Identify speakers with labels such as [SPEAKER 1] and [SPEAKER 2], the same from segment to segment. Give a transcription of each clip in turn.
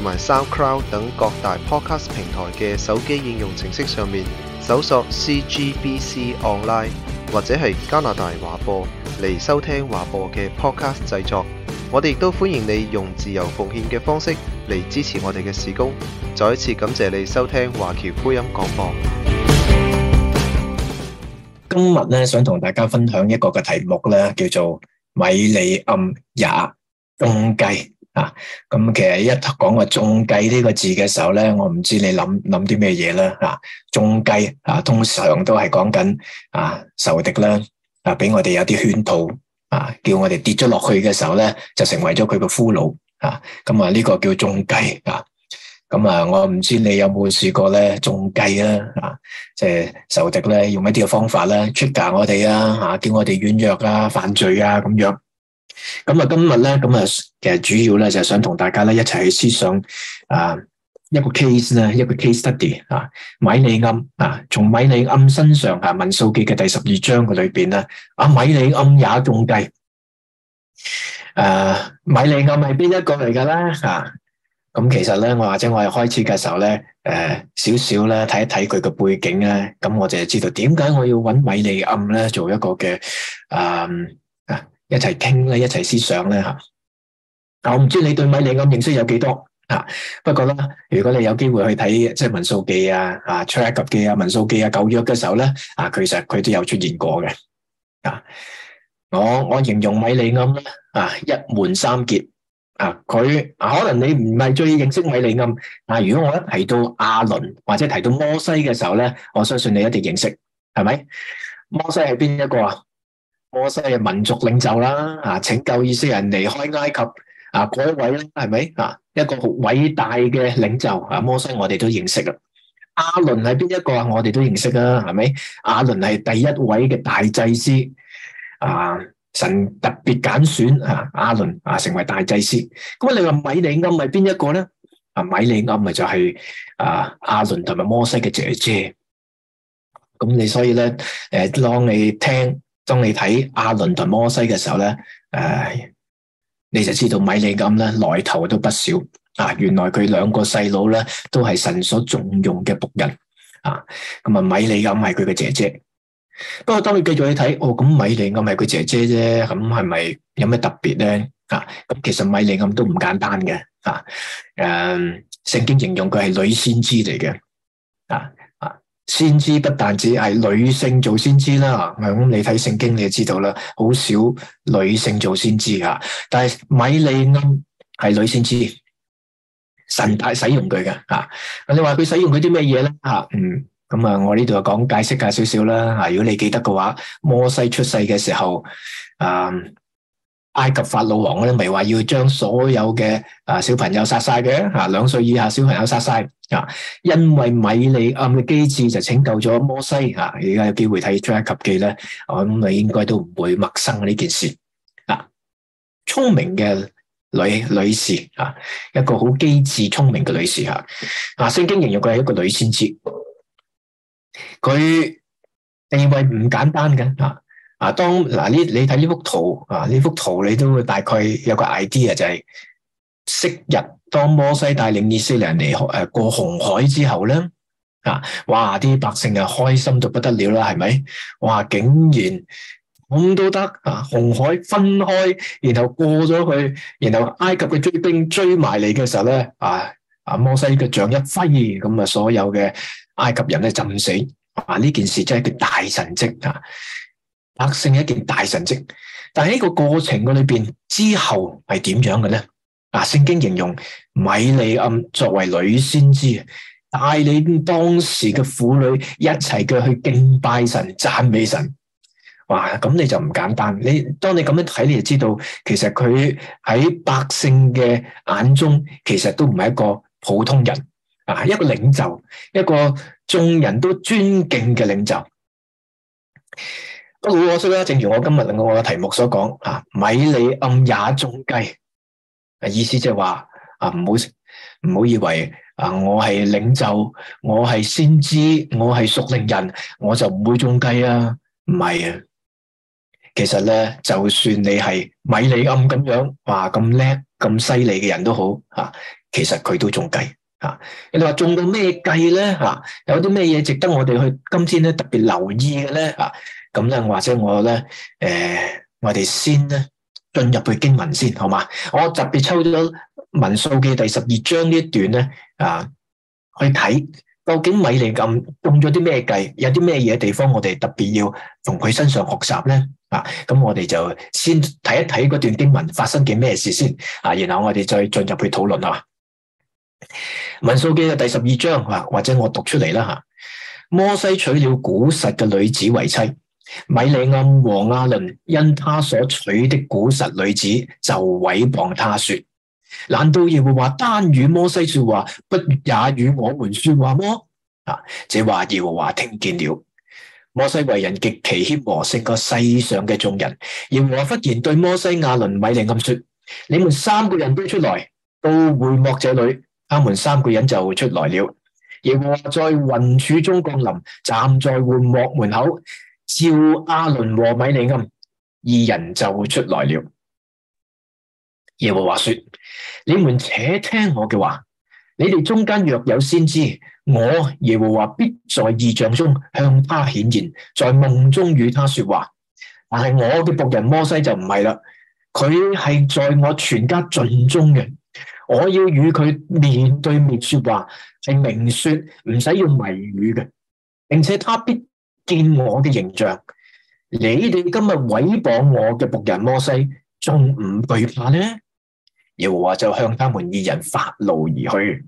[SPEAKER 1] 同埋 SoundCloud 等各大 Podcast 平台嘅手機應用程式上面，搜索 CGBC Online 或者係加拿大華播嚟收聽華播嘅 Podcast 製作。我哋亦都歡迎你用自由奉獻嘅方式嚟支持我哋嘅事工。再一次感謝你收聽華僑福音廣播。今日咧，想同大家分享一個嘅題目咧，叫做米利暗也中計。啊，咁其實一講個中計呢個字嘅時候咧，我唔知你諗諗啲咩嘢啦。啊，中計啊，通常都係講緊啊仇敵啦，啊俾、啊、我哋有啲圈套啊，叫我哋跌咗落去嘅時候咧，就成為咗佢個俘虜啊。咁啊，呢、啊這個叫中計啊。咁啊，我唔知你有冇試過咧中計啦。啊，即、就、係、是、仇敵咧，用一啲嘅方法咧，出價我哋啊，吓叫我哋軟弱啊，犯罪啊，咁樣。咁啊，今日咧，咁啊，其實主要咧就係想同大家咧一齊去思想啊，一個 case 咧，一個 case study 啊，米利暗啊，從米利暗身上啊，民數記嘅第十二章嘅裏邊咧，阿米利暗也中計。誒，米利暗係邊一個嚟噶咧？啊，咁其實咧，我或者我哋開始嘅時候咧，誒，少少咧睇一睇佢嘅背景咧，咁我就知道點解我要揾米利暗咧做一個嘅誒。嗯一齊傾咧，一齊思想咧吓。啊，我唔知你對米利暗認識有幾多吓。不過咧，如果你有機會去睇即係民數記啊、啊出埃及記啊、民數記啊舊約嘅時候咧，啊，其實佢都有出現過嘅。啊，我我形容米利暗咧，啊，一門三傑啊，佢可能你唔係最認識米利暗，但係如果我一提到亞倫或者提到摩西嘅時候咧，我相信你一定認識，係咪？摩西係邊一個啊？摩西啊，民族領袖啦，啊拯救以色列人離開埃及啊，嗰位啦係咪啊？一個好偉大嘅領袖啊，摩西我哋都認識啦。亞倫係邊一個啊？我哋都認識啦，係咪？亞倫係第一位嘅大祭司啊，神特別揀選啊，亞倫啊成為大祭司。咁你話米利暗係邊一個咧？啊，米利暗咪就係啊亞倫同埋摩西嘅姐姐。咁你所以咧，誒當你聽。當你睇阿倫同摩西嘅時候咧，誒，你就知道米利暗咧來頭都不少啊！原來佢兩個細佬咧都係神所重用嘅僕人啊！咁啊，米利暗係佢嘅姐姐。不過當你繼續去睇，哦，咁米利暗係佢姐姐啫，咁係咪有咩特別咧？啊，咁其實米利暗都唔簡單嘅啊！誒，聖經形容佢係女先知嚟嘅啊。先知不但止係女性做先知啦，咁你睇聖經你就知道啦，好少女性做先知㗎。但係米利暗係女先知，神大使用佢嘅，咁你話佢使用佢啲咩嘢咧吓，嗯，咁啊，我呢度又講解釋下少少啦，如果你記得嘅話，摩西出世嘅時候，啊埃及法老王咧，咪話要將所有嘅啊小朋友殺晒嘅吓，兩歲以下小朋友殺晒啊，因為米利暗嘅機智就拯救咗摩西啊！而家有機會睇《出埃及記》咧，我諗你應該都唔會陌生呢件事啊。聰明嘅女女士啊，一個好機智聰明嘅女士吓啊，聖經形容佢係一個女先知，佢地位唔簡單嘅啊。啊，當嗱呢、啊，你睇呢幅圖啊，呢幅圖你都會大概有個 idea 就係、是，昔日當摩西帶領以色列人嚟誒、啊、過紅海之後咧，啊，哇，啲百姓啊開心到不得了啦，係咪？哇，竟然咁都得啊！紅海分開，然後過咗去，然後埃及嘅追兵追埋嚟嘅時候咧，啊啊摩西嘅杖一揮，咁啊所有嘅埃及人咧浸死，啊呢件事真係一個大神蹟啊！百姓一件大神蹟，但喺呢個過程裏邊之後係點樣嘅咧？啊，聖經形容米利暗作為女先知，帶領當時嘅婦女一齊嘅去敬拜神、讚美神。哇！咁你就唔簡單，你當你咁樣睇，你就知道其實佢喺百姓嘅眼中，其實都唔係一個普通人啊，一個領袖，一個眾人都尊敬嘅領袖。都好可惜啦！正如我今日令到我嘅題目所講，啊，米利暗也中計，啊，意思即係話，啊，唔好唔好以為啊我係領袖，我係先知，我係屬靈人，我就唔會中計啊，唔係啊。其實咧，就算你係米利暗咁樣話咁叻咁犀利嘅人都好啊，其實佢都中計啊。你話中到咩計咧？吓、啊，有啲咩嘢值得我哋去今天咧特別留意嘅咧？啊！咁咧，或者我咧，誒、呃，我哋先咧進入去經文先，好嘛？我特別抽咗《民數記》第十二章呢一段咧，啊，去睇究竟米利暗用咗啲咩計，有啲咩嘢地方我哋特別要從佢身上學習咧，啊，咁我哋就先睇一睇嗰段經文發生嘅咩事先，啊，然後我哋再進入去討論啊，《民數記》第十二章、啊、或者我讀出嚟啦吓，摩西娶了古實嘅女子為妻。米利暗和亞倫因他所娶的古實女子就毀謗他說：難道耶和華單與摩西說話，不也與我們說話嗎？啊！這話耶和華聽見了。摩西為人極其謙和，勝過世上嘅眾人。耶和華忽然對摩西、亞倫、米利暗說：你們三個人都出來到會幕這裏。他們三個人就出來了。耶和華在雲柱中降臨，站在會幕門口。照阿倫和米利暗二人就出來了。耶和華說：你們且聽我嘅話，你哋中間若有先知，我耶和華必在異象中向他顯現，在夢中與他說話。但係我嘅僕人摩西就唔係啦，佢係在我全家盡忠嘅，我要與佢面對面說話，係明說，唔使用謎語嘅，並且他必。見我嘅形象，你哋今日毀謗我嘅僕人摩西，仲唔懼怕呢？耶和華就向他們二人發怒而去。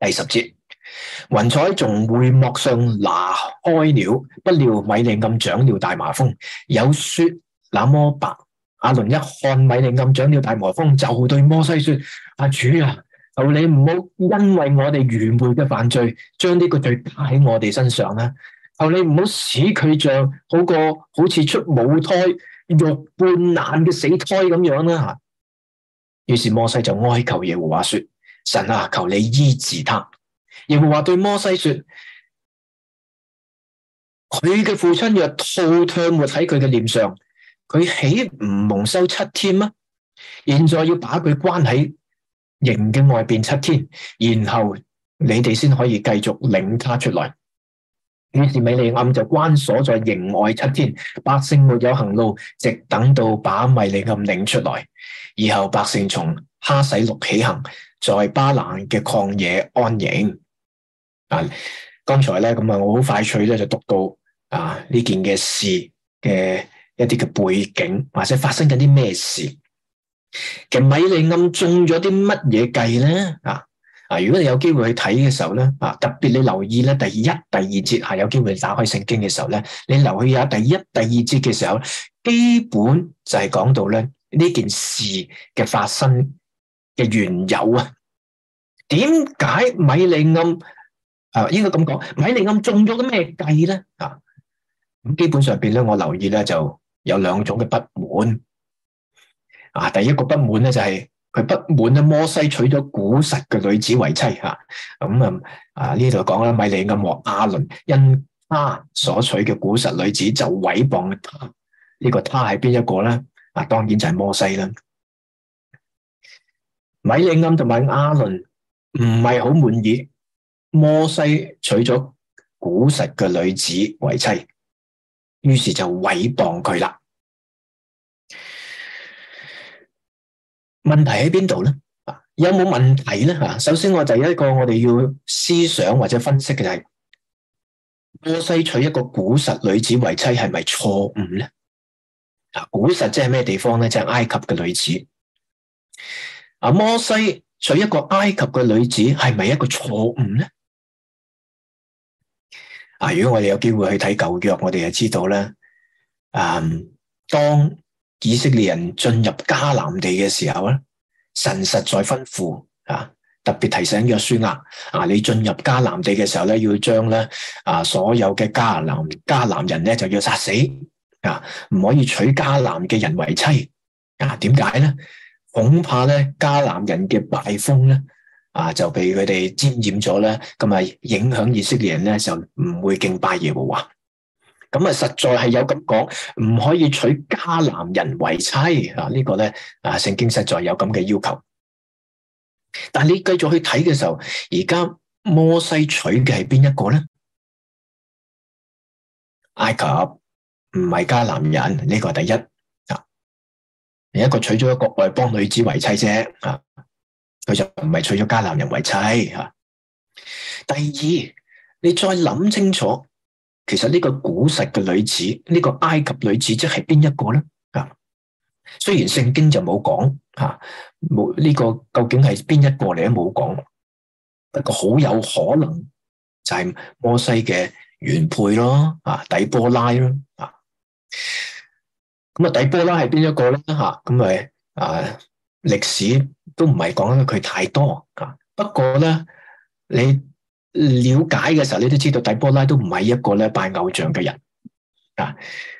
[SPEAKER 1] 第十節，雲彩從會幕上拿開了，不料米利暗長了大麻風，有雪那麼白。阿倫一看米利暗長了大麻風，就對摩西說：阿主啊！求你唔好因為我哋愚昧嘅犯罪，將呢個罪加喺我哋身上啦。求你唔好使佢像好個好似出母胎肉半爛嘅死胎咁樣啦。於是摩西就哀求耶和華說：神啊，求你醫治他。耶和華對摩西說：佢嘅父親若吐唾沫喺佢嘅臉上，佢豈唔蒙羞七天嗎？現在要把佢關喺，營嘅外邊七天，然後你哋先可以繼續領他出來。於是米利暗就關鎖在營外七天，百姓沒有行路，直等到把米利暗領出來。以後百姓從哈洗錄起行，在巴蘭嘅曠野安營。啊，剛才咧咁啊，我好快脆咧就讀到啊呢件嘅事嘅一啲嘅背景，或者發生緊啲咩事。其實米利暗中咗啲乜嘢計咧？啊啊！如果你有機會去睇嘅時候咧，啊，特別你留意咧第一、第二節，係有機會打開聖經嘅時候咧，你留意下第一、第二節嘅時候，基本就係講到咧呢件事嘅發生嘅緣由啊。點解米利暗啊應該咁講？米利暗中咗啲咩計咧？啊，咁基本上邊咧，我留意咧就有兩種嘅不滿。.啊！第一個不滿咧就係、是、佢不滿啦，摩西娶咗古實嘅女子為妻嚇，咁啊啊呢度講啦，米利暗和亞倫因他所娶嘅古實女子就毀謗他，呢、這個他係邊一個咧？啊，當然就係摩西啦。米利暗同埋亞倫唔係好滿意摩西娶咗古實嘅女
[SPEAKER 2] 子為妻，於是就毀謗佢啦。
[SPEAKER 1] 問題喺邊度咧？啊，有冇問題咧？吓，首先我就有一個我哋要思想或者分析嘅就係，摩西娶一個古實女子為妻係咪錯誤咧？啊，古實即係咩地方咧？即係埃及嘅女子。啊，摩西娶一個埃及嘅女子係咪一個錯誤咧？啊，如果我哋有機會去睇舊約，我哋就知道咧。嗯，當。以色列人進入迦南地嘅時候咧，神實在吩咐啊，特別提醒約書亞啊，你進入迦南地嘅時候咧，要將咧啊所有嘅迦南迦南人咧就要殺死啊，唔可以娶迦南嘅人為妻啊。點解咧？恐怕咧迦南人嘅敗風咧啊，就被佢哋沾染咗咧，咁啊影響以色列人咧，就唔會敬拜耶和華。咁啊，實在係有咁講，唔可以娶迦南人為妻啊！這個、呢個咧啊，聖經實在有咁嘅要求。但你繼續去
[SPEAKER 2] 睇嘅時候，而家摩西娶嘅係邊一個咧？埃及唔係迦南人，呢、這個係第一啊。
[SPEAKER 1] 另一個娶咗一個外邦女子為妻啫啊，佢就唔係娶咗迦南人為妻啊。第二，你再諗清楚。其實呢個古實嘅女子，呢、呢個埃及女子即係邊一個咧？啊，雖然聖經就冇講吓，冇、呢、呢個究竟係邊一個你都冇講，不過好有可能就係摩西嘅原配咯，啊，底波拉啦，啊，咁啊底波拉係邊一個咧？吓，咁啊歷史都唔係講得佢太多啊，不過咧你。了解嘅時候，你都知道底波拉都唔係一個咧拜偶像嘅人啊！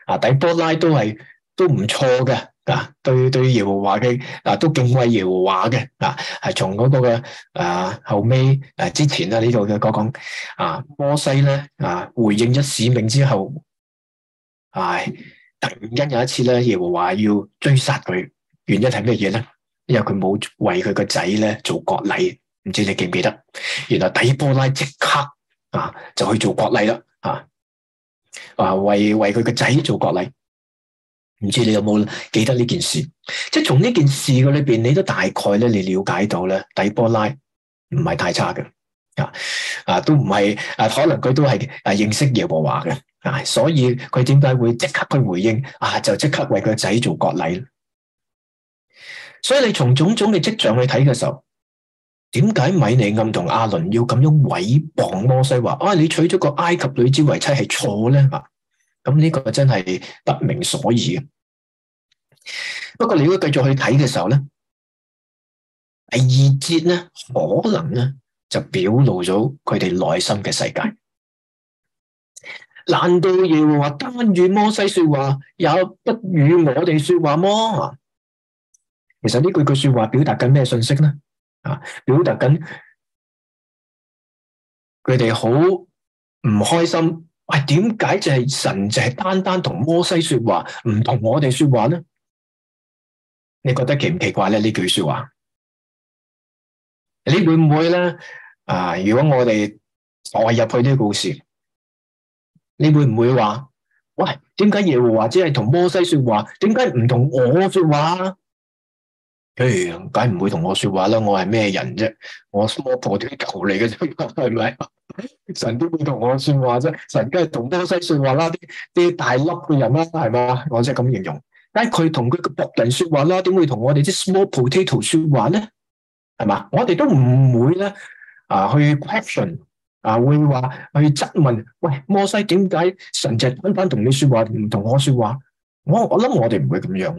[SPEAKER 1] 啊，底波拉都係都唔錯嘅啊，對對耶和華嘅啊都敬畏耶和華嘅、那個、啊，係從嗰個嘅啊後尾誒之前啦呢度嘅講講啊摩西咧啊回應咗使命之後啊、哎、突然間有一次咧耶和華要追殺佢，原因係咩嘢咧？因為佢冇為佢個仔咧做割禮。唔知你記唔記得，原來底波拉即刻啊就去做國禮啦啊！啊為為佢個仔做國禮，唔知你有冇記得呢件事？即係從呢件事嘅裏邊，你都大概咧，你了解到咧底波拉唔係太差嘅啊啊，都唔係啊，可能佢都係啊認識耶和華嘅啊，所以佢點解會即刻去回應啊？就即刻為佢個仔做國禮。所以你從種種嘅跡象去睇嘅時候，點解米利暗同阿倫要咁樣誹謗摩西話，啊，你娶咗個埃及女子為妻係錯咧吓？咁呢個真係不明所以。
[SPEAKER 2] 不過你如果繼續去睇嘅時候咧，第二節咧可能
[SPEAKER 1] 咧就表露咗佢哋內心嘅世界。難道耶和華單與摩西說話，也不與我哋說話麼？其實呢句句說話表達緊咩信息咧？啊！表達緊
[SPEAKER 2] 佢哋好唔開心。喂、啊，點解淨係神淨係、是、單單同摩西說話，唔同我哋說話呢？你覺得奇唔奇怪呢？呢句說話，你會唔會
[SPEAKER 1] 呢？啊！如果我哋代入去呢個故事，你會唔會話？喂，點解耶和華只係同摩西說話？點解唔同我說話？哎，梗唔會同我說話啦，我係咩人啫？我 small potato 嚟嘅啫，係咪？神都會同我說話啫，神梗係同摩西說話啦，啲啲大粒嘅人啦，係嘛？我即係咁形容，但係佢同佢嘅僕人說話啦，點會同我哋啲 small potato 說話咧？係嘛？我哋都唔會咧，啊，去 question 啊，會話去質問，喂，摩西點解神只單單同你說話，唔同我說話？我我諗我哋唔會咁樣。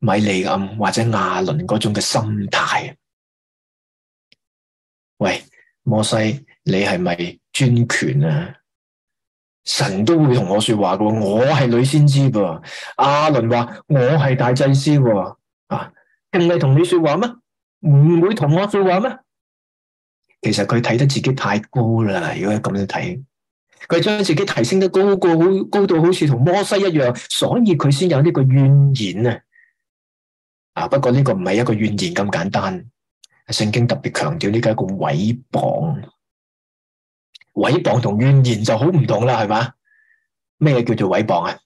[SPEAKER 1] 米利暗或者亞倫嗰種嘅心態，喂，摩西，你係咪專權啊？神都會同我說話噶，我係女先知噃。亞倫話我係大祭司喎，啊，淨係同你說話咩？唔會同我說話咩？其實佢睇得自己太高啦，如果咁樣睇，佢將自己提升得高過好高到好似同摩西一樣，所以佢先有呢個怨言啊！啊！不過呢個唔係一個怨言咁簡單，聖經特別強調呢個係一個毀謗，毀謗同怨言就好唔同啦，係嘛？咩叫做毀謗啊？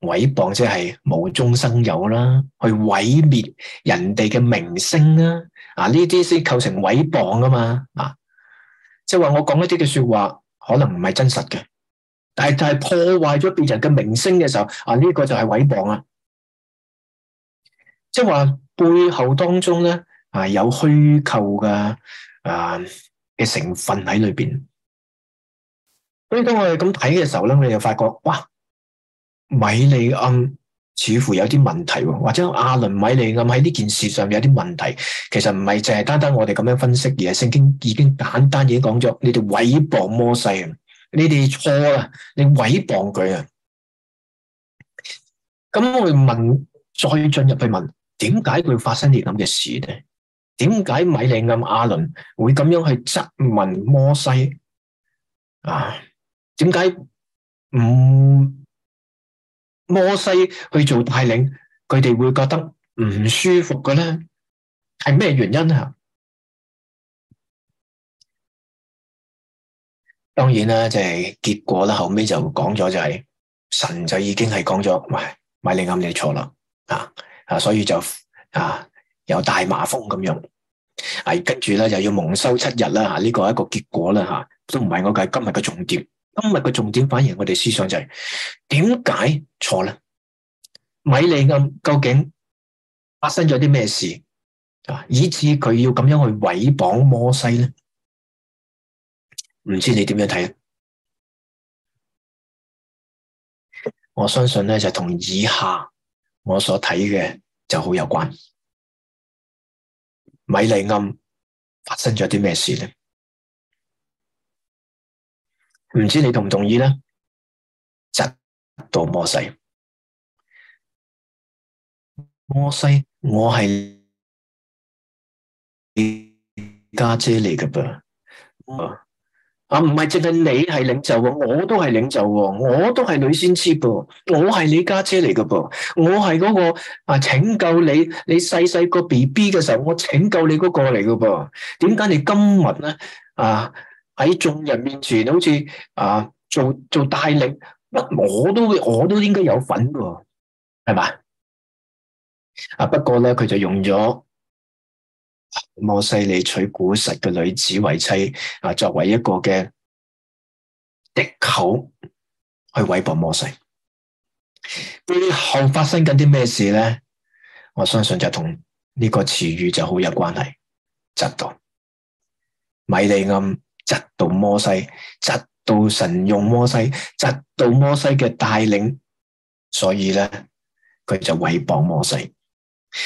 [SPEAKER 1] 毀謗即係無中生有啦，去毀滅人哋嘅名聲啊！啊，呢啲先構成毀謗啊嘛！啊，即係話我講一啲嘅說話可能唔係真實嘅，但係就係破壞咗別人嘅名聲嘅時候，啊呢個，就係毀謗啊！即係話背後當中咧啊有虛構嘅啊嘅成分喺裏邊，所以當我哋咁睇嘅時候咧，我哋就發覺哇，米利暗似乎有啲問題，或者亞倫、米利暗喺呢件事上面有啲問題。其實唔係淨係單單我哋咁樣分析，而係聖經已經簡單已經講咗，你哋毀謗摩西啊，你哋錯啦，你毀謗佢啊。咁我哋問，再進入去問。點解佢會發生啲咁嘅事咧？點解米利暗、阿倫會咁樣去質問摩西啊？點解唔摩西去做
[SPEAKER 2] 帶領，佢哋會覺得唔舒服嘅咧？係咩原因啊？當然啦，就係
[SPEAKER 1] 結果啦。後尾就講咗就係神就已經係講咗，喂，米利暗你錯啦啊！啊，所以就啊有大麻風咁樣，係跟住咧就要蒙羞七日啦！吓、啊、呢、這個係一個結果啦，吓、啊、都唔係我嘅今日嘅重點。今日嘅重點反而我哋思想就係點解錯咧？米利暗、啊、究竟發生咗啲咩事啊？以至佢要咁
[SPEAKER 2] 樣去毀謗摩西咧？唔知你點樣睇啊？我相信咧就同以下。我所睇嘅就好有關米利暗發生咗啲咩事咧？唔知你同唔同意咧？執到摩西，摩西，我係你
[SPEAKER 1] 家姐嚟㗎噃。啊，唔係淨係你係領袖喎，我都係領袖喎，我都係女先知噃，我係你家姐嚟噶噃，我係嗰、那個啊拯救你，你細細個 B B 嘅時候，我拯救你嗰個嚟噶噃，點解你今日咧啊喺眾人面前好似啊做做帶領，乜我都會我都應該有份喎，係嘛？
[SPEAKER 2] 啊不過咧佢就用咗。摩西，
[SPEAKER 1] 你取古實嘅女子為妻，啊，作為一個嘅敵口去毀謗摩西。背後發生緊啲咩事咧？我相信就同呢個詞語就好有關係。嫉妒米利暗，嫉妒摩西，嫉妒神用摩西，嫉妒摩西嘅帶領，所以咧佢就毀謗摩西。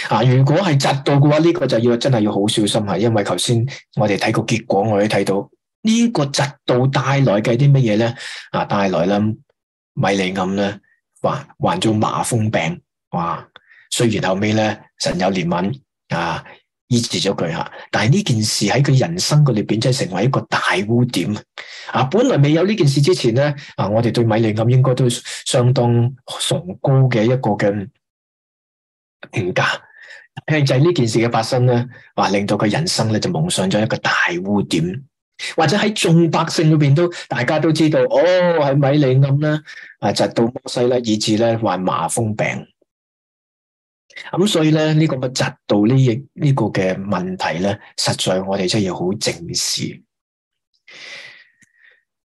[SPEAKER 1] 啊！如果係嫉妒嘅話，呢個就要真係要好小心吓，因為頭先我哋睇個結果，我哋睇到呢個嫉妒帶來嘅啲乜嘢咧？啊，帶來啦米利暗啦，患患咗麻風病，哇！雖然後尾咧神有憐憫啊，醫治咗佢吓，但係呢件事喺佢人生嘅裏邊真係成為一個大污點啊！本來未有呢件事之前咧，啊，我哋對米利暗應該都相當崇高嘅一個嘅評價，就係、是、呢件事嘅發生咧，話令到佢人生咧就蒙上咗一個大污點，或者喺眾百姓裏邊都大家都知道，哦，係米利暗啦？啊，窒到摩西咧，以至咧患麻風病。咁所以咧，呢個窒到呢呢個嘅問題咧，實在我哋真係要好正視。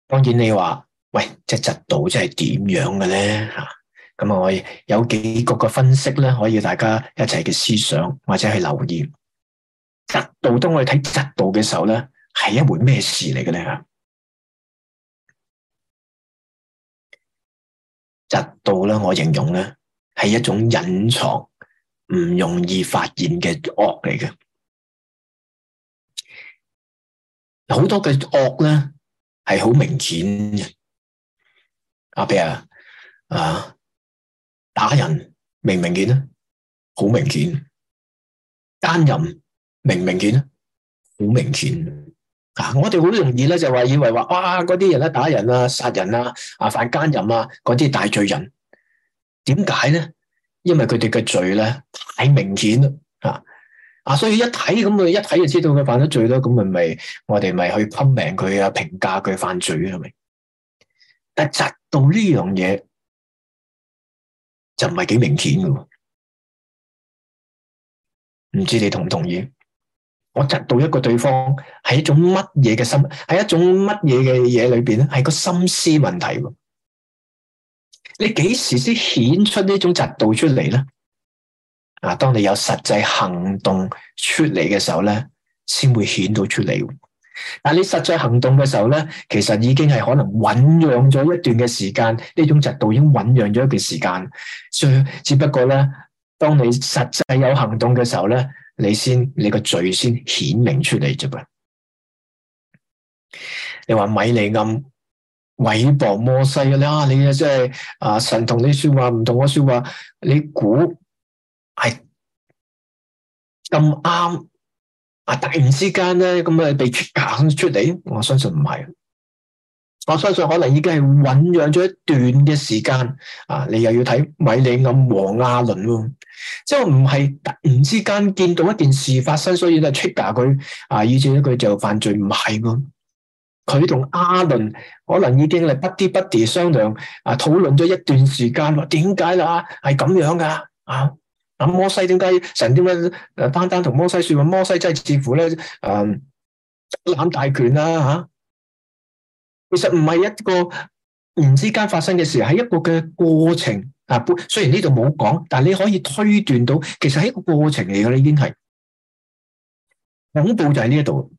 [SPEAKER 1] 當然你話，喂，即係窒到即係點樣嘅咧吓？咁啊，我有幾個嘅分析咧，可以大家一齊嘅思想或者係留意。嫉妒，當我哋睇嫉妒嘅時候咧，係一回咩事嚟嘅咧？
[SPEAKER 2] 嫉妒咧，我形容咧係一種隱藏、唔容易發現嘅惡嚟嘅。好多嘅惡咧係好明顯嘅。阿比啊啊！打人明唔明顯啊，好明顯；奸淫明唔明顯啊，
[SPEAKER 1] 好明顯。啊，我哋好容易咧就話以為話哇，嗰啲人咧打人啊、殺人啊、啊犯奸淫啊，嗰啲大罪人，點解咧？因為佢哋嘅罪咧太明顯啦，啊啊，所以一睇咁佢一睇就知道佢犯咗罪啦，咁咪咪我哋咪去 comment 佢啊，評價佢犯罪啊，咪？但係直到呢樣嘢。就唔係幾明顯嘅，
[SPEAKER 2] 唔知你同唔同意？我窒到
[SPEAKER 1] 一個對方係一種乜嘢嘅心，係一種乜嘢嘅嘢裏邊咧？係個心思問題。你幾時先顯出呢種窒到出嚟咧？啊，當你有實際行動出嚟嘅時候咧，先會顯到出嚟。但你實際行動嘅時候咧，其實已經係可能醖釀咗一段嘅時間，呢種程度已經醖釀咗一段時間。所以，只不過咧，當你實際有行動嘅時候咧，你先你個罪先顯明出嚟啫噃。你話米利暗、偉伯、摩西啊，你啊，即係啊，神同你說話，唔同我的說話，你估係咁啱？哎啊！突然之間咧，咁啊被 trigger 出嚟，我相信唔係。我相信可能已經係醖釀咗一段嘅時間。啊，你又要睇米利暗和阿倫喎，即係唔係突然之間見到一件事發生，所以咧 trigger 佢啊，以致佢就犯罪唔係喎。佢同阿倫可能已經係不啲不地商量啊，討論咗一段時間。點解啦？係咁樣噶啊！阿摩西點解神點解單單同摩西說話？摩西真係似乎咧嗯、攬大權啦吓，其實唔係一個唔之間發生嘅事，係一個嘅過程啊。雖然呢度冇講，但係你可以推斷到，其實係一個過程嚟嘅。你已經係恐怖就喺呢一度，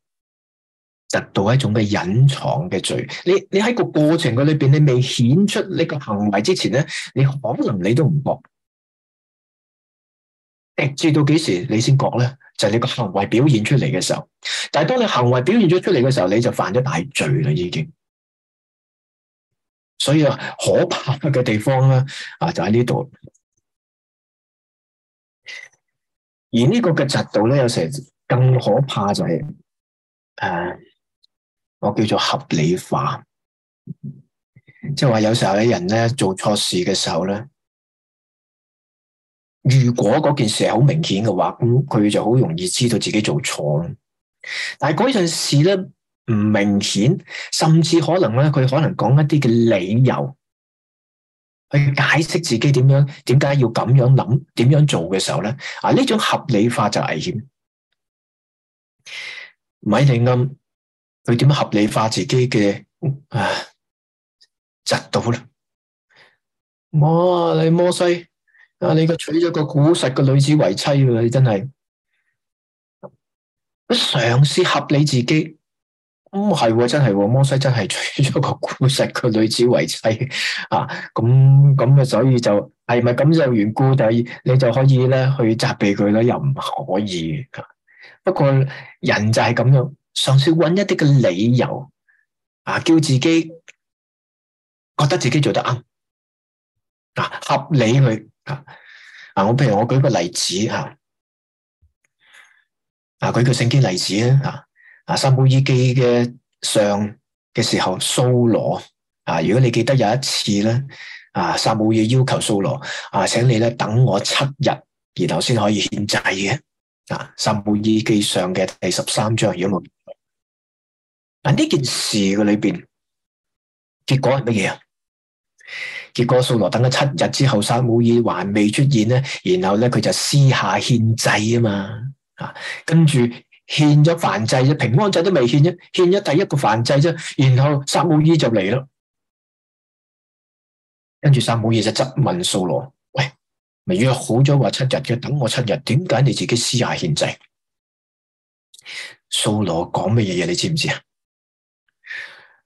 [SPEAKER 1] 達到一種嘅隱藏嘅罪。你你喺個過程嘅裏邊，你未顯出呢個行為之前咧，你可能你都唔覺。直至到幾時你先覺咧？就係、是、你個行為表現出嚟嘅時候，
[SPEAKER 2] 但係當你行為表現咗出嚟嘅時候，你就犯咗大罪啦已經。所以啊，可怕嘅地方咧，啊就喺呢度。而這個度呢個嘅制度咧，有時候更可怕就係、是、誒、啊，我叫做合理化，
[SPEAKER 1] 即係話有時候啲人咧做錯事嘅時候咧。如果嗰件事係好明顯嘅話，咁佢就好容易知道自己做錯咯。但係嗰陣時咧唔明顯，甚至可能咧，佢可能講一啲嘅理由去解釋自己點樣、點解要咁樣諗、點樣做嘅時候咧，啊呢種合理化就危險。米利暗佢點樣合理化自己嘅啊嫉妒
[SPEAKER 2] 啦，哇！你摩西。啊！你個娶
[SPEAKER 1] 咗個古實個女子為妻你真係，嘗試合理自己，係、嗯、係真係，摩西真係娶咗個古實個女子為妻啊！咁咁所以就係咪咁就緣故？但你就可以咧去責備佢咧，又唔可以。不過人就係咁樣，嘗試揾一啲嘅理由啊，叫自己
[SPEAKER 2] 覺得自己做得啱啊，合理佢。啊！啊，
[SPEAKER 1] 我譬如我舉個例子吓，啊，舉個聖經例子啊，啊，撒母耳記嘅上嘅時候，掃羅啊，如果你記得有一次咧，啊，撒母耳要求掃羅啊，請你咧等我七日，然後先可以獻祭嘅，啊，撒母耳記上嘅第十三章，如果冇，但呢件事嘅裏邊結果係乜嘢啊？結果掃羅等咗七日之後，撒母耳還未出現咧，然後咧佢就私下獻祭啊嘛，啊，跟住獻咗燔祭，啫，平安祭都未獻啫，獻咗第一個燔祭啫，然後撒母耳就嚟咯，跟住撒母耳就質問掃羅：，喂，咪約好咗話七日嘅，等我七日，點解你自己私下獻祭？掃羅講乜嘢嘢？你知唔知啊？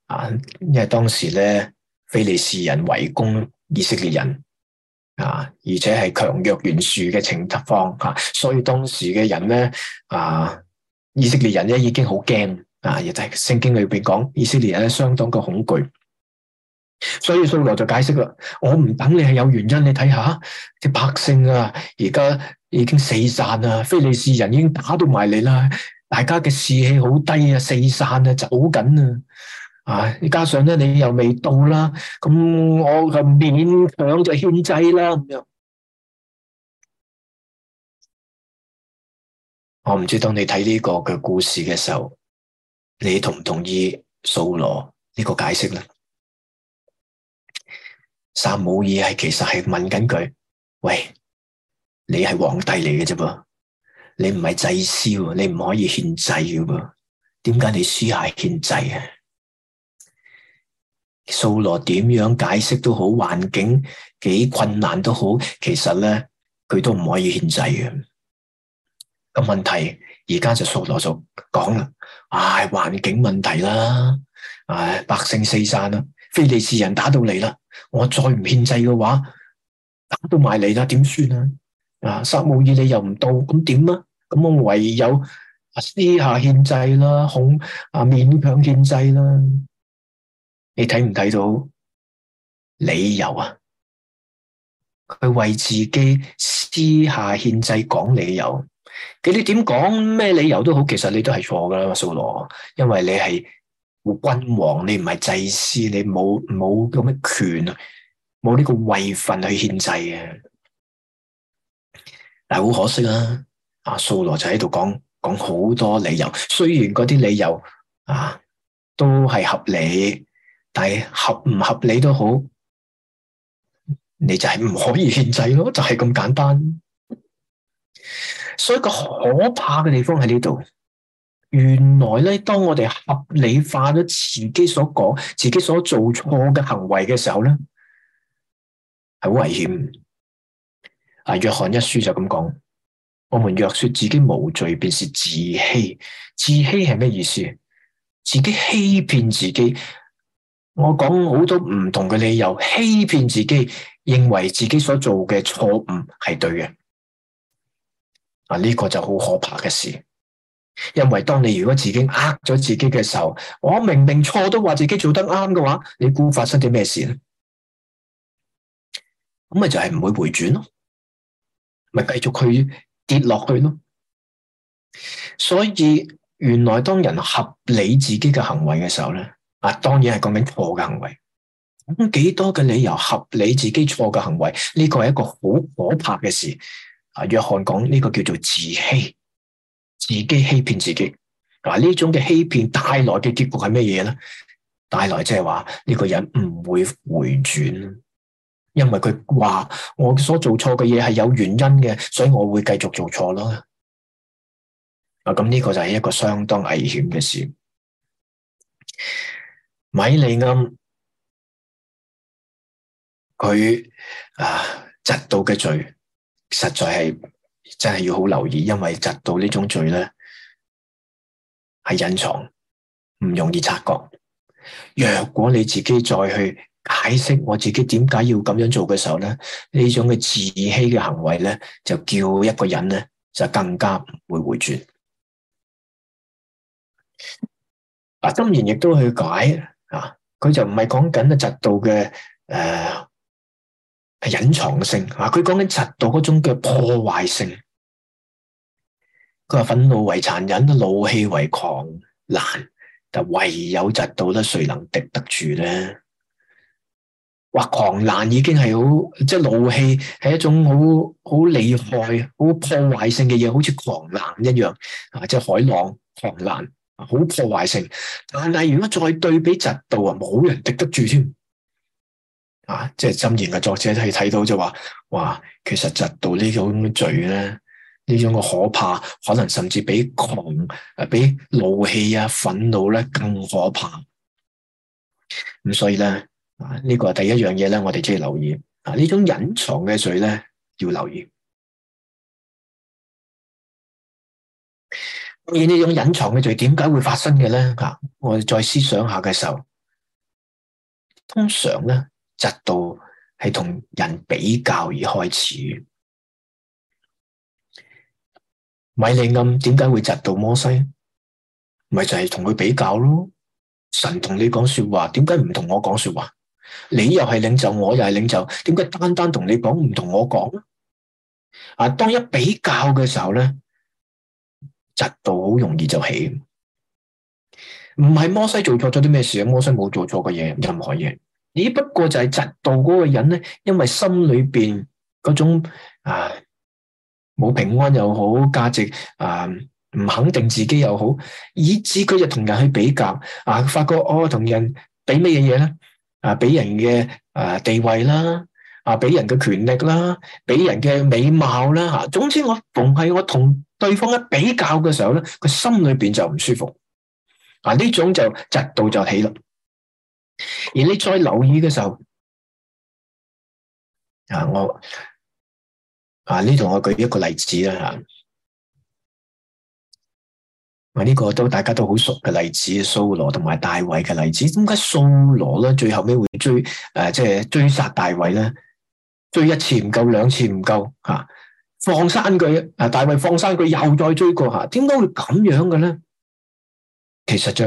[SPEAKER 1] 啊，因為當時咧。非利士人圍攻以色列人啊，而且係強弱懸殊嘅情況下，啊，所以當時嘅人咧啊，以色列人咧已經好驚啊，亦就係聖經裏邊講，以色列人咧相當嘅恐懼，所以掃羅就解釋啦，我唔等你係有原因，你睇下啲百姓啊，而家已經四散啦，非利士人已經打到埋嚟啦，大家嘅士氣好低啊，四散啊，走緊啊。啊！加上咧，你又未到啦，咁我就勉強就獻祭啦咁樣。
[SPEAKER 2] 我唔知當你睇呢個嘅故事嘅時候，你同唔同意掃羅呢個解釋咧？
[SPEAKER 1] 撒母耳係其實係問緊佢，喂，你係皇帝嚟嘅啫噃，你唔係祭司，你唔可以獻祭嘅噃，點解你私下獻祭啊？掃羅點樣解釋都好，環境幾困難都好，其實咧佢都唔可以獻祭嘅。咁問題，而家就掃羅就講啦，唉、哎，環境問題啦，唉、哎，百姓四散啦，非利士人打到嚟啦，我再唔獻祭嘅話打到埋嚟啦，點算啊？啊，撒母耳你又唔到，咁點啊？咁我唯有私下獻祭啦，恐啊勉強獻祭啦。你睇唔睇到理由啊？佢為自己私下獻祭講理由，佢你點講咩理由都好，其實你都係錯噶啦，掃羅，因為你係君王，你唔係祭司，你冇冇咁嘅權啊，冇呢個位分去獻祭嘅。但係好可惜啊，阿掃羅就喺度講講好多理由，雖然嗰啲理由啊都係合理。但係合唔合理都好，你就係唔可以限制咯，就係咁簡單。所以個可怕嘅地方喺呢度，原來咧，當我哋合理化咗自己所講、自己所做錯嘅行為嘅時候咧，係好危險。啊，約翰一書就咁講：我們若說自己無罪，便是自欺。自欺係咩意思？自己欺騙自己。我講好多唔同嘅理由，欺騙自己，認為自己所做嘅錯誤係對嘅。啊，呢個就好可怕嘅事。因為當你如果自己呃咗自己嘅時候，我明明錯都話自己做得啱嘅話，你估發生啲咩事咧？咁咪就係唔會回轉咯，咪繼續去跌落去咯。所以原來當人合理自己嘅行為嘅時候咧。啊，當然係講緊錯嘅行為，咁幾多嘅理由合理自己錯嘅行為，呢個係一個好可怕嘅事。啊，約翰講呢個叫做自欺，自己欺騙自己。嗱，呢種嘅欺騙帶來嘅結果係咩嘢咧？帶來即係話呢個人唔會回轉，因為佢話我所做錯嘅嘢係有原因嘅，所以我會繼續做錯咯。啊，咁呢個就係一個相當
[SPEAKER 2] 危險嘅事。米利暗佢啊，嫉妒嘅罪實
[SPEAKER 1] 在係真係要好留意，因為嫉妒呢種罪咧係隱藏，唔容易察覺。若果你自己再去解釋，我自己點解要咁樣做嘅時候咧，呢種嘅自欺嘅行為咧，就叫一個人咧就更加唔會回轉。啊，當然亦都去解。佢、啊、就唔係講緊咧嫉妒嘅誒隱藏性，啊佢講緊嫉妒嗰種嘅破壞性。佢話憤怒為殘忍，怒氣為狂瀾，但唯有嫉妒咧，誰能敵得住咧、啊？狂瀾已經係好，即、就、係、是、怒氣係一種好好厲害、好破壞性嘅嘢，好似狂瀾一樣啊，即、就、係、是、海浪狂瀾。好破壞性，但係如果再對比嫉妒啊，冇人敵得住添。啊，即係《箴言》嘅作者係睇到就話，哇，其實嫉妒呢種罪咧，呢種個可怕，可能甚至比狂、啊、比怒氣啊、憤怒咧更可怕。咁所以咧，啊、呢、這個係第一樣嘢咧，我哋即係留意啊，呢種隱藏嘅罪咧，要留意。
[SPEAKER 2] 而呢種隱藏嘅罪點
[SPEAKER 1] 解會發生嘅咧？吓，我再思想一下嘅時候，通常咧，嫉妒係同人比較而開始。米利暗點解會嫉妒摩西？咪就係同佢比較咯。神同你講說話，點解唔同我講說話？你又係領袖，我又係領袖，點解單單同你講唔同我講？啊，當一比較嘅時候咧。嫉妒好容易就起，唔係摩西做錯咗啲咩事啊？摩西冇做錯嘅嘢，任何嘢，咦？不過就係嫉妒嗰個人咧，因為心裏邊嗰種啊，冇平安又好，價值啊，唔肯定自己又好，以至佢就同人去比較啊，發覺我同人比乜嘢嘢咧？啊，比人嘅啊地位啦，啊比人嘅權力啦，比人嘅美貌啦，吓，啊，總之我逢係我同。我對方一比較嘅時候咧，佢心裏邊就唔舒服，啊呢種就嫉妒就起啦。而你再留意嘅
[SPEAKER 2] 時候，啊我啊呢度我
[SPEAKER 1] 舉一個例子啦吓，啊呢、這個都大家都好熟嘅例子，掃羅同埋大衛嘅例子，點解掃羅咧最後尾會追誒即係追殺大衛咧？追一次唔夠，兩次唔夠，吓、啊。放生佢啊！大衛放生佢，又再追過下，點解會咁樣嘅咧？其實就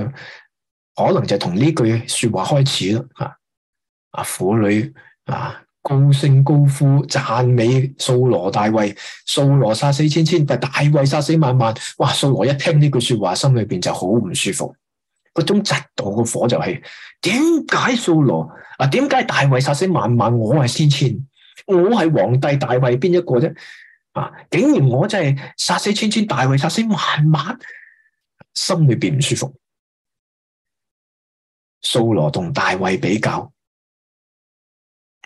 [SPEAKER 1] 可能就同呢句說話開始啦吓！啊，婦女啊，高聲高呼讚美掃羅、大衛，掃羅殺死千千，但大衛殺死萬萬。哇！掃羅一聽呢句說話，心裏邊就好唔舒服，嗰種嫉妒嘅火就係。點解掃羅啊？點解大衛殺死萬萬，我係千千，我係皇帝，大衛邊一個啫？竟然我真係殺死千千大衛，殺死萬萬，心裏
[SPEAKER 2] 邊唔舒服。蘇羅同大衛比較，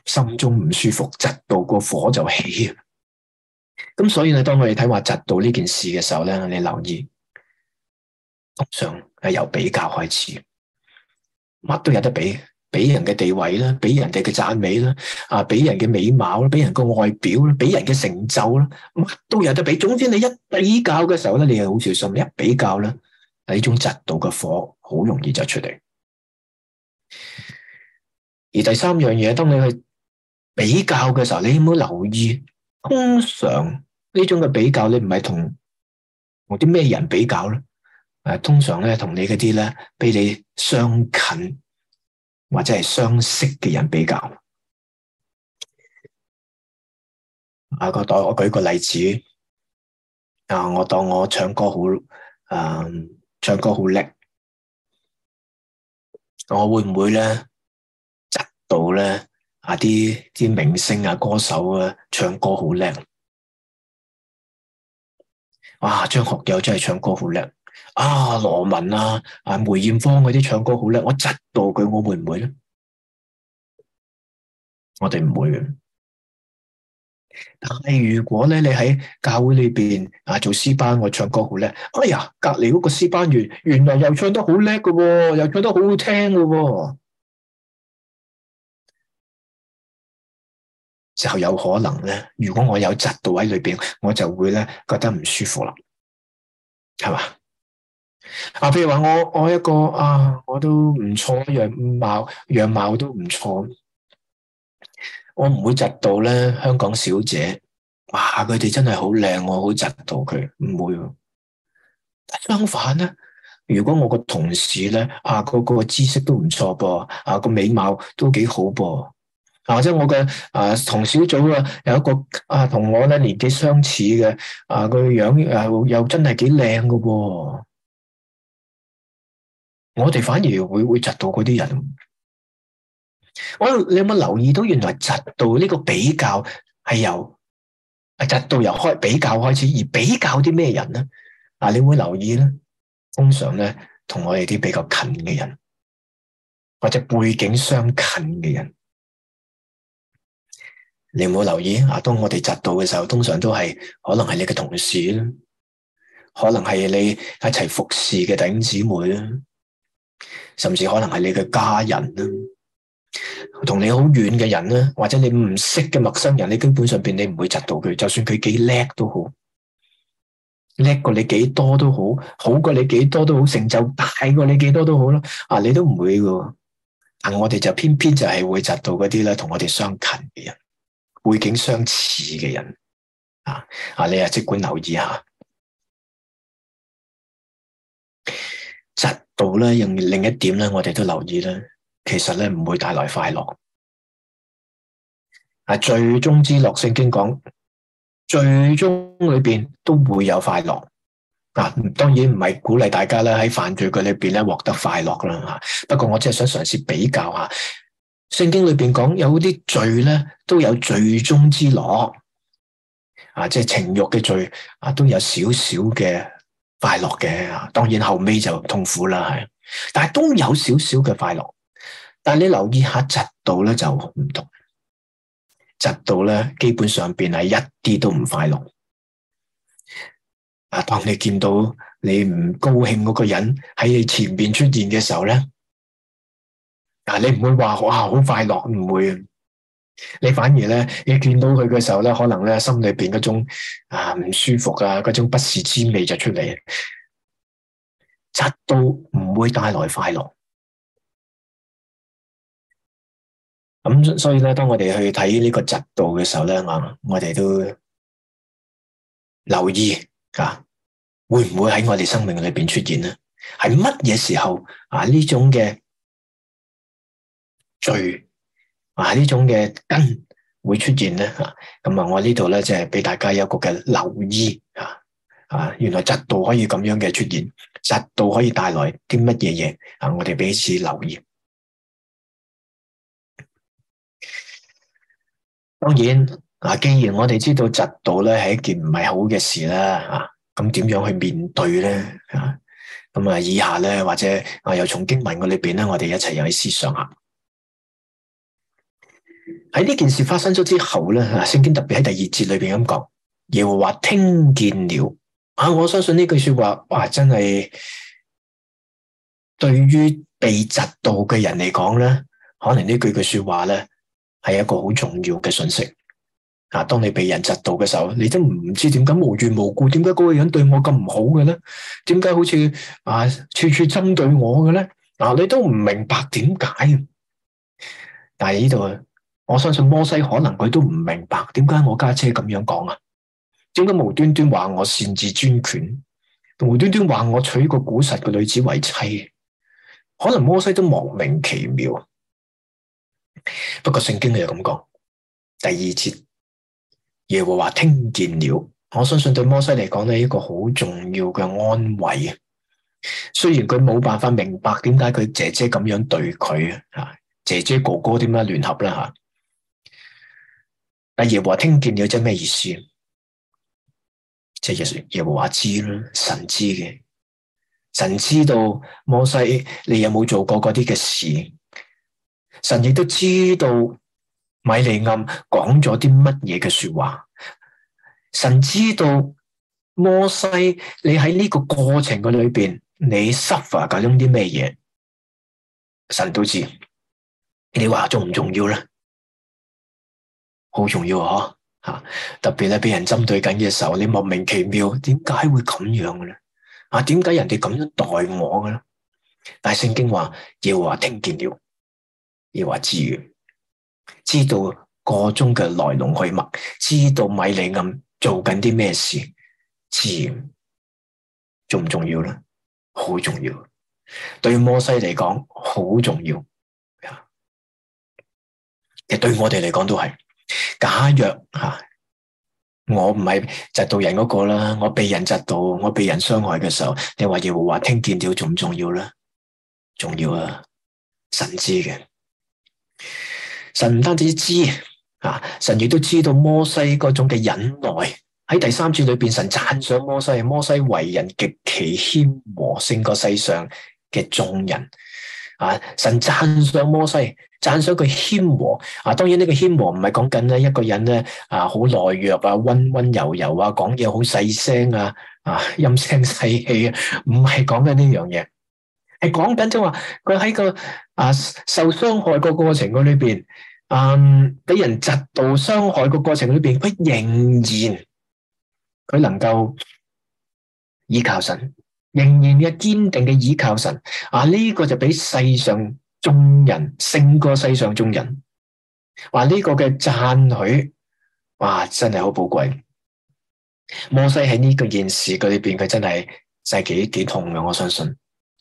[SPEAKER 2] 心中唔舒服，嫉妒個火就起。
[SPEAKER 1] 咁所以咧，當我哋睇話嫉妒呢件事嘅時候咧，你留意，通常係由比較開始，乜都有得比。俾人嘅地位啦，俾人哋嘅讚美啦，啊，俾人嘅美貌啦，俾人個外表啦，俾人嘅成就啦，乜都有得俾。總之你一比較嘅時候咧，你又好小心，一比較咧，呢種嫉妒嘅火好容易就出嚟。而第三樣嘢，當你去比較嘅時候，你有冇留意？通常呢種嘅比較，你唔係同我啲咩人比較咧？誒、啊，通常咧，同你嗰啲咧，比你相近。或者係相識嘅
[SPEAKER 2] 人比較啊，個當我舉個例子啊，我當我唱歌好啊、嗯，唱歌好叻，我會唔會咧，窒到咧啊，啲啲明星啊歌手啊唱歌好叻，哇張學友真係唱歌好叻。啊，羅文啊，啊梅艷芳嗰啲唱歌好叻，我窒到佢，我會唔會咧？
[SPEAKER 1] 我哋唔會嘅。但係如果咧，你喺教會裏邊啊做詩班，我唱歌好叻，哎呀，隔籬嗰個詩班員原來又唱得好叻嘅，又唱得好好聽嘅，
[SPEAKER 2] 就有可能咧。如果我有窒到喺裏邊，
[SPEAKER 1] 我就會咧覺得唔舒服啦，係嘛？啊，譬如話我我一個啊，我都唔錯，樣貌樣貌都唔錯，我唔會嫉妒咧香港小姐，哇佢哋真係好靚，我好嫉妒佢唔會。但相反咧，如果我個同事咧啊，個個知識都唔錯噃，啊個美貌都幾好噃，啊或者我嘅啊同小組啊有一個啊同我咧年紀相似嘅啊個樣又、啊、又真係幾靚㗎喎。
[SPEAKER 2] 我哋反而會會窒到嗰啲人，我
[SPEAKER 1] 你有冇留意到？原來窒到呢個比較係由窒到由開比較開始，而比較啲咩人咧？啊，你會留意咧？通常咧，同我哋啲比較近嘅人，或者背景相近嘅人，你有冇留意？啊，當我哋窒到嘅時候，通常都係可能係你嘅同事啦，可能係你一齊服侍嘅弟兄姊妹啦。甚至可能係你嘅家人啦，同你好遠嘅人啦，或者你唔識嘅陌生人，你根本上邊你唔會窒到佢，就算佢幾叻都好，叻過你幾多都好，好過你幾多都好，成就大過你幾多都好啊，你都唔會噶，但係我哋就偏偏就係會窒到嗰啲咧，同我哋相近嘅人，背景相似嘅人，
[SPEAKER 2] 啊啊，你啊即管留意下
[SPEAKER 1] 窒。度咧，用另一點咧，我哋都留意咧，其實咧唔會帶來快樂。啊，罪中之樂，聖經講，罪中裏邊都會有快樂。啊，當然唔係鼓勵大家咧喺犯罪嘅裏邊咧獲得快樂啦吓。不過我真係想嘗試比較下，聖經裏邊講有啲罪咧都有罪中之樂。啊，即係情欲嘅罪啊，都有少少嘅。快樂嘅，當然後尾就痛苦啦，但係都有少少嘅快樂。但係你留意一下嫉妒咧就唔同，嫉妒咧基本上邊係一啲都唔快樂。啊，當你見到你唔高興嗰個人喺你前邊出現嘅時候咧，你唔會話哇好快樂，唔會你反而咧，你見到佢嘅時候咧，可能咧心裏邊嗰種啊唔舒服啊，嗰種不是滋味就出嚟，嫉妒
[SPEAKER 2] 唔會帶來快樂。咁
[SPEAKER 1] 所以咧，當我哋去睇呢個嫉妒嘅時候咧，我我哋都留意啊，會唔會喺我哋生命裏邊出現咧？係乜嘢時候啊？呢種嘅罪。啊！呢種嘅根會出現咧吓，咁啊，我呢度咧就係、是、俾大家有一個嘅留意吓啊，啊，原來嫉妒可以咁樣嘅出現，嫉妒可以帶
[SPEAKER 2] 來啲乜嘢嘢啊？我哋彼此留意。
[SPEAKER 1] 當然啊，既然我哋知道嫉妒咧係一件唔係好嘅事啦，吓咁點樣去面對咧咁啊，啊，以下咧或者啊，又從經文嗰裏邊咧，我哋一齊又去思想下。喺呢件事發生咗之後咧，啊，聖經特別喺第二節裏邊咁講，耶和華聽見了啊！我相信呢句說話，哇，真係對於被窒到嘅人嚟講咧，可能呢句句說話咧係一個好重要嘅信息。啊，當你被人窒到嘅時候，你都唔知點解無緣無故，點解嗰個人對我咁唔好嘅咧？點解好似啊，處處針對我嘅咧？啊，你都唔明白點解啊？但係呢度。我相信摩西可能佢都唔明白點解我家姐咁樣講啊？點解無端端話我擅自專權？無端端話我娶個古實嘅女子為妻？可能摩西都莫名其妙。不過聖經佢又咁講，第二節耶和華聽見了。我相信對摩西嚟講咧一個好重要嘅安慰。雖然佢冇辦法明白點解佢姐姐咁樣對佢啊？姐姐哥哥點樣聯合啦？吓！但耶和華聽見咗，即係咩意思？即係耶和華話知啦，神知嘅，神知道，神知道摩西你有冇做過嗰啲嘅事，神亦都知道米利暗講咗啲乜嘢嘅說話，神知道摩西你喺呢個過程嘅裏邊，你 suffer 緊啲咩嘢，神都知。你話重唔重要咧？好重要啊！吓，特別咧，俾人針對緊嘅時候，你莫名其妙，點解會咁樣嘅咧？啊，點解人哋咁樣待我嘅咧？但係聖經話，耶和華聽見了，耶和華知願知道個中嘅來龍去脈，知道米利暗做緊啲咩事，自然重唔重要咧？好重要，
[SPEAKER 2] 對摩西嚟講好重要，其
[SPEAKER 1] 實對我哋嚟講都係。假若吓、啊、我唔係嫉妒人嗰、那個啦，我被人嫉妒，我被人傷害嘅時候，你話要話聽見咗重唔重要咧？重要啊，神知嘅。神唔單止知啊，神亦都知道摩西嗰種嘅忍耐喺第三節裏邊，神讚賞摩西，摩西為人極其謙和，勝過世上嘅眾人。啊！神讚賞摩西，讚賞佢謙和。啊，當然呢個謙和唔係講緊咧一個人咧啊，好懦弱啊，溫溫柔柔啊，講嘢好細聲啊，啊，陰聲細氣啊，唔係講緊呢樣嘢。係講緊即話，佢喺個啊受傷害個過程裏邊，嗯，俾人窒到傷害個過程裏邊，佢仍然佢能夠依靠神。仍然嘅堅定嘅倚靠神，啊呢、這個就比世上眾人勝過世上眾人，話、啊、呢、這個嘅讚許，哇真係好寶貴。摩西喺呢個現時裏邊，佢真係真係幾幾痛嘅，我相信。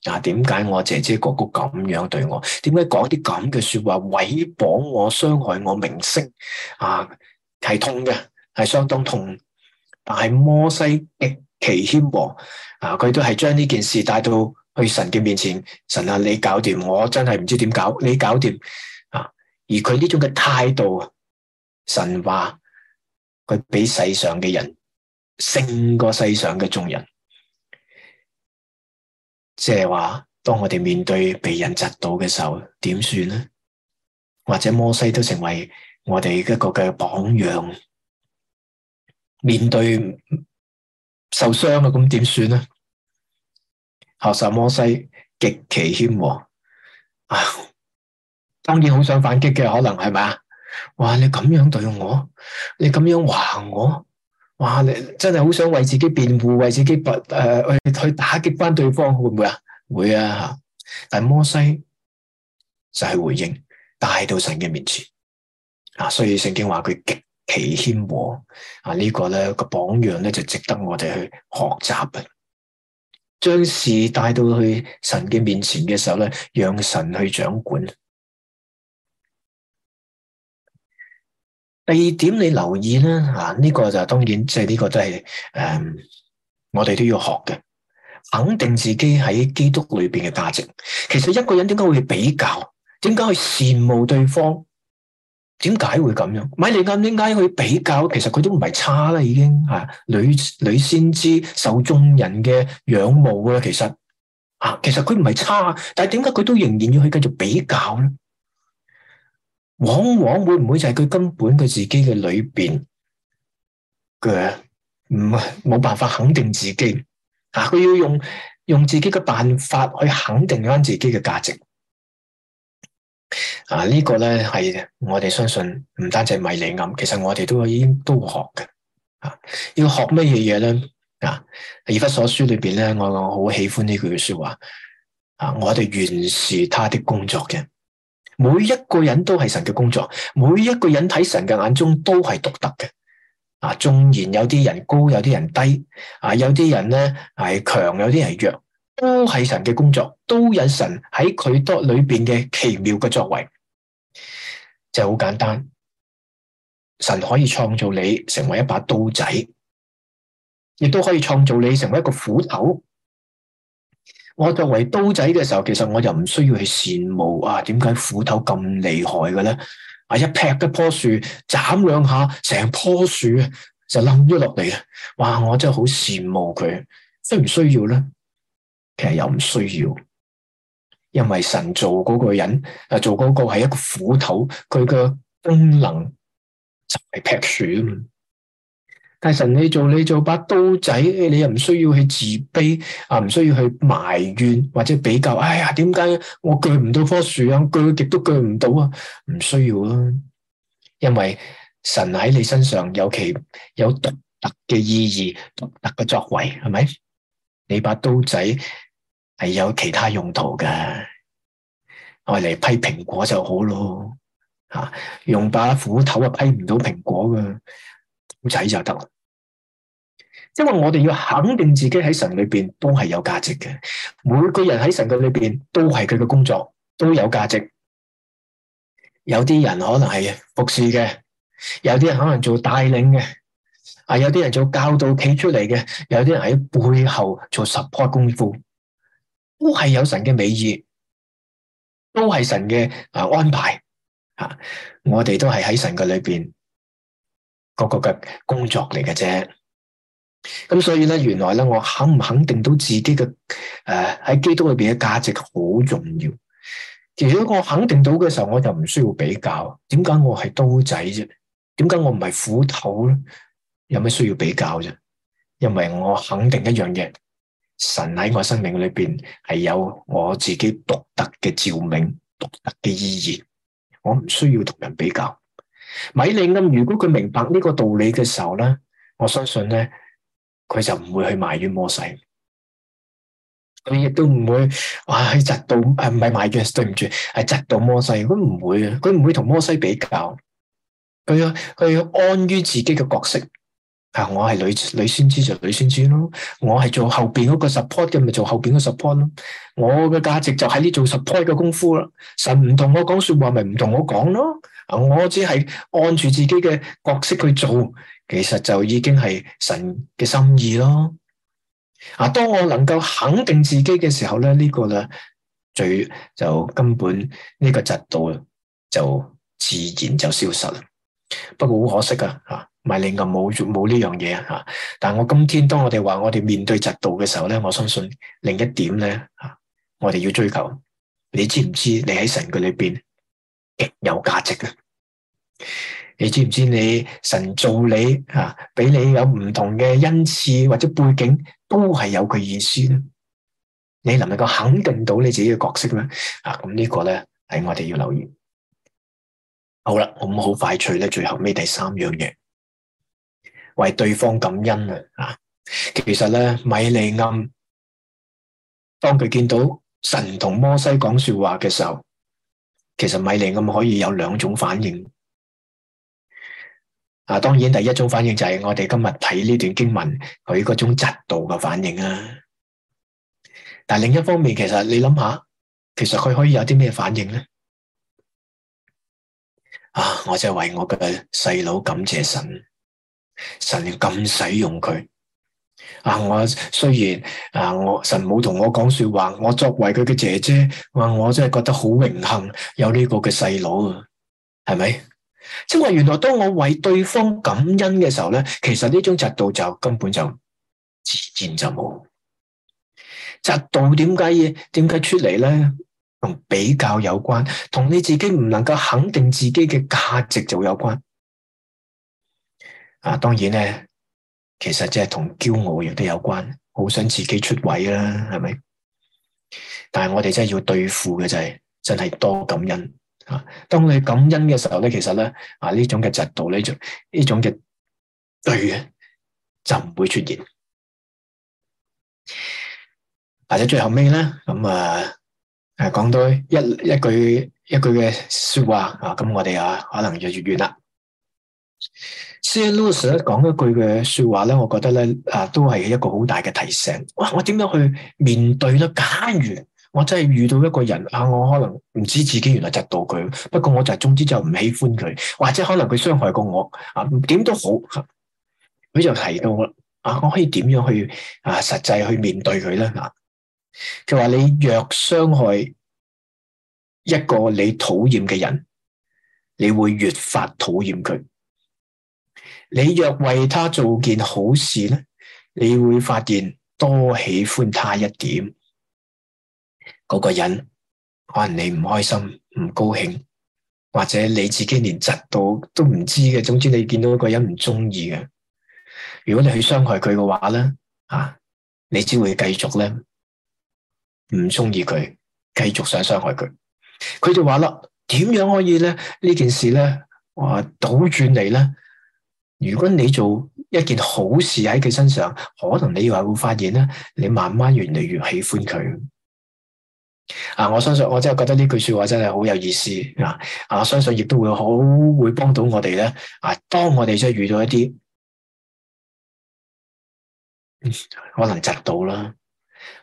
[SPEAKER 1] 啊點解我姐姐哥哥咁樣對我？點解講啲咁嘅說話，毀謗我、傷害我名聲？啊係痛嘅，係相當痛。但係摩西嘅。其謙和啊，佢都係將呢件事帶到去神嘅面前，神啊，你搞掂，我真係唔知點搞，你搞掂啊！而佢呢種嘅態度，神話佢比世上嘅人勝過世上嘅眾人，即係話，當我哋面對被人窒到嘅時候，點算呢？或者摩西都成為我哋一個嘅榜樣，面對。受傷啊，咁點算咧？哈！神摩西極其謙和，當然好想反擊嘅，可能係咪啊？哇！你咁樣對我，你咁樣話我，哇！你真係好想為自己辯護，為自己駁誒，去去打擊翻對方，會唔會啊？會啊！但摩西就係回應，帶到神嘅面前啊！所以聖經話佢極。其謙和啊，這個、呢個咧個榜樣咧就值得我哋去學習嘅，將事帶到去神
[SPEAKER 2] 嘅面前嘅時候咧，讓神去掌管。
[SPEAKER 1] 第二點，你留意啦啊，呢、這個就當然即係呢個都係誒、嗯，我哋都要學嘅，肯定自己喺基督裏邊嘅價值。其實一個人點解會比較，點解去羨慕對方？點解會咁樣？米利暗點解去比較？其實佢都唔係差啦，已經吓女女先知受眾人嘅仰慕啦。其實啊，其實佢唔係差，但係點解佢都仍然要去繼續比較咧？往往會唔會就係佢根本佢自己嘅裏邊嘅唔係冇辦法肯定自己啊？佢要用用自己嘅辦法去肯定翻自己嘅價值。啊！這個、呢個咧，係我哋相信，唔單止米利暗，其實我哋都已經都會學嘅。啊，要學咩嘢嘢咧？啊，《以弗所書》裏邊咧，我我好喜歡呢句說話。啊，我哋原是他的工作嘅，每一個人都係神嘅工作，每一個人喺神嘅眼中都係獨特嘅。啊，縱然有啲人高，有啲人低，啊，有啲人咧係強，有啲人係弱。都係神嘅工作，都有神喺佢刀裏邊嘅奇妙嘅作為，就好簡單。神可以創造你成為一把刀仔，亦都可以創造你成為一個斧頭。我作為刀仔嘅時候，其實我就唔需要去羨慕啊。點解斧頭咁厲害嘅咧？啊，一劈一樖樹，斬兩下，成樖樹就冧咗落嚟啊！哇，我真係好羨慕佢，需唔需要咧？其實又唔需要，因為神做嗰個人啊，做嗰個係一個斧頭，佢嘅功能就係劈樹。但神你做你做把刀仔，你又唔需要去自卑啊，唔需要去埋怨或者比較。哎呀，點解我鋸唔到棵樹啊？鋸極都鋸唔到啊？唔需要咯，因為神喺你身上有其有獨特嘅意義、獨特嘅作為，係咪？你把刀仔。係有其他用途嘅，我嚟批蘋果就好咯。吓，用把斧頭啊批唔到蘋果嘅，好仔就得。因為我哋要肯定自己喺神裏邊都係有價值嘅，每個人喺神嘅裏邊都係佢嘅工作，都有價值。有啲人可能係服侍嘅，有啲人可能做帶領嘅，啊有啲人做教導企出嚟嘅，有啲人喺背後做 support 功夫。都係有神嘅美意，都係神嘅啊安排。我哋都係喺神嘅裏邊各個嘅工作嚟嘅啫。咁所以咧，原來咧，我肯唔肯定到自己嘅誒喺基督裏邊嘅價值好重要。其實我肯定到嘅時候，我就唔需要比較。點解我係刀仔啫？點解我唔係斧頭咧？有咩需要比較啫？因為我肯定一樣嘢。神喺我生命裏邊係有我自己獨特嘅召命、獨特嘅意義，我唔需要同人比較。米利暗如果佢明白呢個道理嘅時候咧，我相信咧，佢就唔會去埋怨摩西，佢亦都唔會啊去窒到，誒唔係埋怨，對唔住係窒到摩西。佢唔會，佢唔會同摩西比較，佢要，佢要安於自己嘅角色。啊！我係女女先知就女先知咯，我係做後邊嗰個 support 嘅咪做後邊個 support 咯。我嘅價值就喺呢做 support 嘅功夫咯。神唔同我講說話咪唔同我講咯。啊！我只係按住自己嘅角色去做，其實就已經係神嘅心意咯。啊！當我能夠肯定自己嘅時候咧，這個、呢個咧最就根本呢、這個嫉妒就自然就消失啦。不過好可惜啊！吓～唔係另外冇冇呢樣嘢，但係我今天當我哋話我哋面對嫉妒嘅時候咧，我相信另一點咧，我哋要追求。你知唔知你喺神佢裏邊極有價值？你知唔知你神造你啊，俾你有唔同嘅恩賜或者背景，都係有佢意思咧。你能唔能夠肯定到你自己嘅角色咧？啊，咁呢個咧係我哋要留意。好啦，我咁好快脆咧，最後尾第三樣嘢。為對方感恩啊！其實咧，米利暗當佢見到神同摩西講說話嘅時候，其實米利暗可以有兩種反應。啊，當然第一種反應就係我哋今日睇呢段經文佢嗰種嫉妒嘅反應啊。但係另一方面，其實你諗
[SPEAKER 2] 下，其實佢可以有啲咩反應咧？啊，
[SPEAKER 1] 我就為我嘅細佬感謝神。神咁使用佢啊！我雖然啊，我神冇同我講說話，我作為佢嘅姐姐，我真係覺得好榮幸有呢個嘅細佬啊！係咪？即係話原來當我為對方感恩嘅時候咧，其實呢種嫉妒就根本就自然就冇。嫉妒點解嘢點解出嚟咧？同比較有關，同你自己唔能夠肯定自己嘅價值就有關。啊，當然咧，其實即係同驕傲亦都有關，好想自己出位啦，係咪？但係我哋真係要對付嘅就係、是，真係多感恩。啊，當你感恩嘅時候咧，其實咧啊呢種嘅嫉妒呢，就呢種嘅對啊，對就唔會出現。或者最後尾咧，咁啊，誒，講多一一句一句嘅說話啊，咁我哋啊，可能就越遠啦。C. Lewis 咧，講一句嘅說話咧，我覺得咧啊，都係一個好大嘅提醒。哇！我點樣去面對咧？假如我真係遇到一個人啊，我可能唔知自己原來窒到佢，不過我就係總之就唔喜歡佢，或者可能佢傷害過我啊，點都好。佢就提到啦，啊，我可以點樣去啊實際去面對佢咧？啊，佢話你若傷害一個你討厭嘅人，你會越發討厭佢。你若為他做件好事咧，你會發現多喜歡他一點。嗰、那個人可能你唔開心、唔高興，或者你自己連窒到都唔知嘅。總之你見到一個人唔中意嘅，如果你去傷害佢嘅話咧，啊，你只會繼續咧唔中意佢，繼續想傷害佢。佢就話啦：點樣可以咧？呢件事咧，話倒轉嚟咧？如果你做一件好事喺佢身上，可能你又會發現咧，你慢慢越嚟越喜歡佢。啊，我相信我真係覺得呢句說話真係好有意思啊！啊，相信亦都會好會幫到我哋咧。啊，當我哋即係遇到一啲可能窒到啦，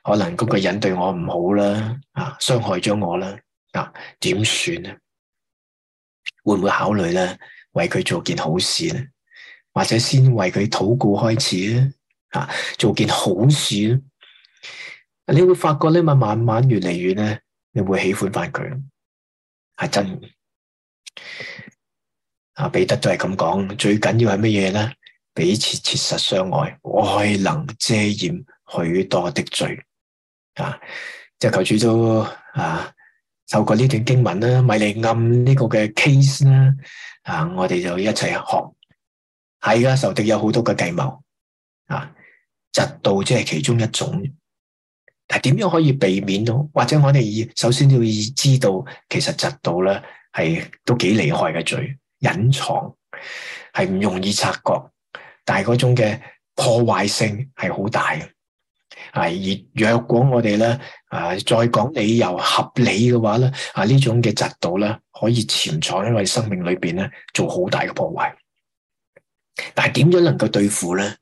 [SPEAKER 1] 可能嗰個人對我唔好啦，啊，傷害咗我啦，啊，點算咧？會唔會考慮咧？為佢做件好事咧？或者先為佢禱告開始啊，做件好事啊，你會發覺咧，咪慢慢越嚟越咧，你會喜歡翻佢，係真嘅。啊，彼得都係咁講，最緊要係乜嘢咧？彼此切實相愛，愛能遮掩許多的罪啊！就求主都啊，透過呢段經文啦，米利暗呢個嘅 case 啦，啊，我哋就一齊學。係啦，仇敵有好多嘅計謀，啊，嫉妒即係其中一種。但係點樣可以避免到？或者我哋以首先要以知道，其實嫉妒咧係都幾厲害嘅罪，隱藏係唔容易察覺，但係嗰種嘅破壞性係好大嘅。啊，而若果我哋咧啊再講理由合理嘅話咧，啊呢種嘅嫉妒咧可以潛藏喺我哋生命裏邊咧，做好大嘅破壞。但係點樣能夠對付咧？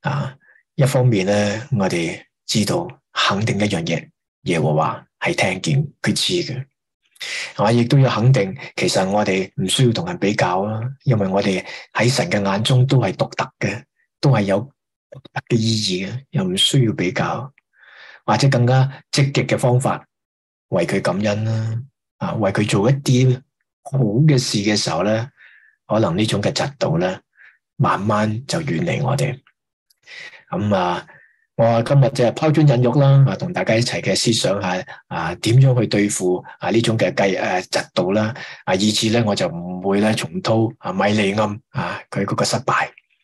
[SPEAKER 1] 啊，一方面咧，我哋知道肯定一樣嘢，耶和華係聽見佢知嘅。我亦都要肯定，其實我哋唔需要同人比較啦，因為我哋喺神嘅眼中都係獨特嘅，都係有獨特嘅意義嘅，又唔需要比較，或者更加積極嘅方法為佢感恩啦，啊，為佢做一啲好嘅事嘅時候咧，可能種呢種嘅嫉妒咧。慢慢就遠離我哋，咁啊，我今日就拋磚引玉啦，啊，同大家一齊嘅思想下，啊，點樣去對付啊呢種嘅計誒嫉妒啦，啊，啊以至咧我就唔會咧重蹈啊米利暗啊佢嗰個失敗。